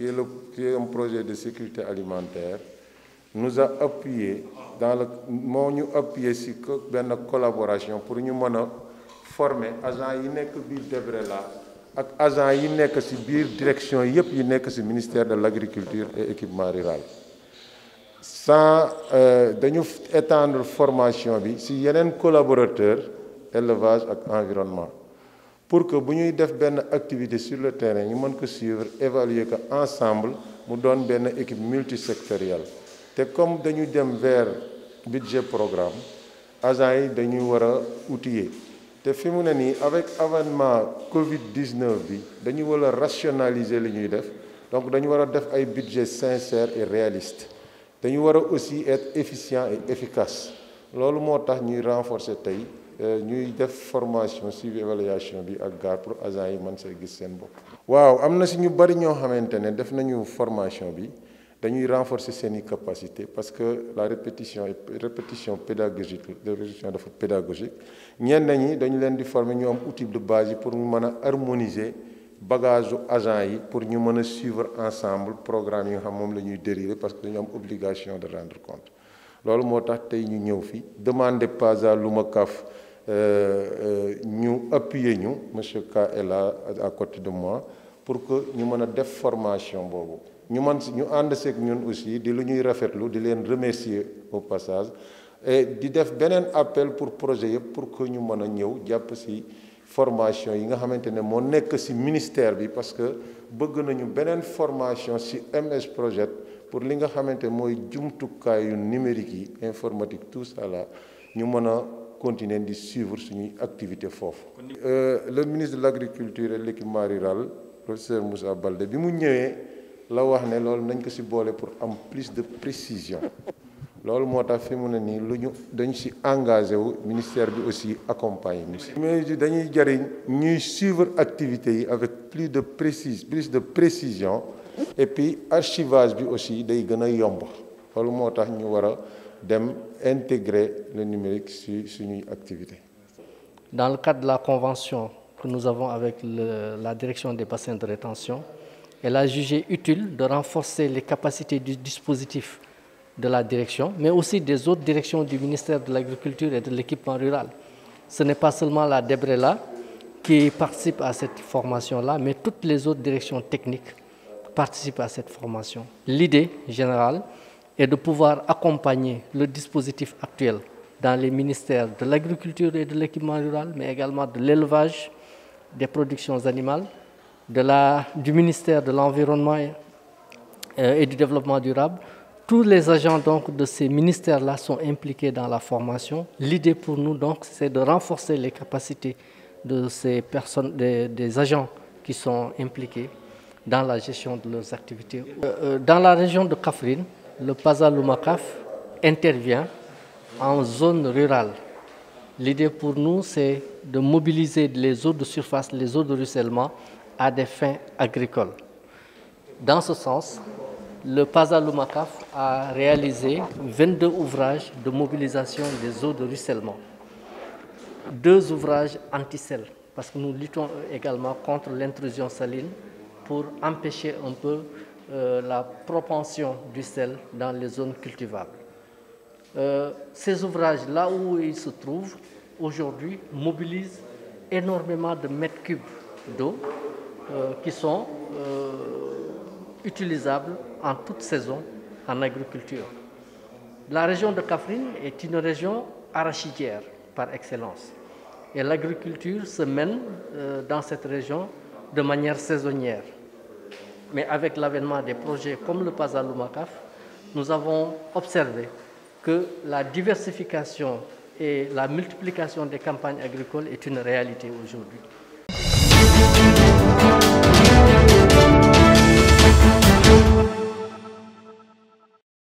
le, projet de sécurité alimentaire, nous a appuyé dans la appuyé collaboration pour ñu agents qui former agent yi nekk biir Debrella ak agents yi nekk si biir direction yëpp ministère de l'agriculture et de l'équipement rural sans étendre euh, étendre formation y si un collaborateur élevage et environnement pour que nous ñuy une activité sur le terrain nous devons suivre évaluer qu'ensemble, nous mu une une équipe multisectorielle et comme nous dem vers budget programme agents devons outiller avec avènement Covid 19 nous devons rationaliser li donc Nous devons avoir un budget sincère et réaliste dañu war a aussi être efficient et efficace loolu moo tax ñuy renforcer tey euh, ñuy def formation suivi évaluation bi ak GAR pour agent yi mën see gis seen bopp. waaw am na si ñu bari ñoo xamante ne def nañu formation bi dañuy renforcer seeni capacité parce que la répétition répétition pédagogique répétition dafa pédagogique ñenn ñi dañu leen di former ñu am outil de base yi pour ñu mën a harmoniser bagage agent yi pour ñu mëna suivre ensemble programme yi nga xam mom lañuy dériver parce que dañu am obligation de rendre compte lolu motax tay ñu ñëw fi demander pas à luma kaf euh, euh, ñu appuyer ñu monsieur Kela à côté de moi pour que ñu mëna def formation bobu ñu man ñu ànd seeg ñun aussi di lu ñuy rafetlu di leen remercier au passage et di def benen appel pour projet yëpp pour que ñu mëna ñëw japp si formation yi nga xamantene mo nek ci ministère bi parce que bëgg nañu benen formation ci MS Projet pour li nga xamante kay yu numérique informatique tout ça là ñu mëna continuer di suivre suñu activité euh, le ministre de l'agriculture et l' équipement rural professeur Moussa Baldé bi mu ñëwé la wax né lool nañ ko ci bolé pour am plus de précision loolu motax tax fi mu dañ engagé ministère bi aussi accompagner. mais dañuy jariñ ñuy suivre yi avec plus de précise plus de précision et puis archivage bi aussi day gëna yomb motax ñu dem le numérique sur suñuy activité dans le cadre de la convention que nous avons avec la direction des bassins de rétention elle a jugé utile de renforcer les capacités du dispositif de la direction, mais aussi des autres directions du ministère de l'Agriculture et de l'équipement rural. Ce n'est pas seulement la DEBRELA qui participe à cette formation-là, mais toutes les autres directions techniques participent à cette formation. L'idée générale est de pouvoir accompagner le dispositif actuel dans les ministères de l'agriculture et de l'équipement rural, mais également de l'élevage, des productions animales, du ministère de l'Environnement et, euh, et du Développement durable, tous les agents donc, de ces ministères-là sont impliqués dans la formation. L'idée pour nous, donc, c'est de renforcer les capacités de ces personnes, des, agents qui sont impliqués dans la gestion de leurs activités. Euh, euh, dans la région de Kafrine, le Pazalumakaf intervient en zone rurale. L'idée pour nous, c'est de mobiliser les eaux de surface, les eaux de ruissellement à des fins agricoles. Dans ce sens, le PASA a réalisé 22 ouvrages de mobilisation des eaux de ruissellement, deux ouvrages anti-sel, parce que nous luttons également contre l'intrusion saline pour empêcher un peu euh, la propension du sel dans les zones cultivables. Euh, ces ouvrages, là où ils se trouvent aujourd'hui, mobilisent énormément de mètres cubes d'eau euh, qui sont utilisable en toute saison en agriculture. La région de Kafrine est une région arachidière par excellence. Et l'agriculture se mène euh, dans cette région de manière saisonnière. Mais avec l'avènement des projets comme le Pazaloumakaf, nous avons observé que la diversification et la multiplication des campagnes agricoles est une réalité aujourd'hui.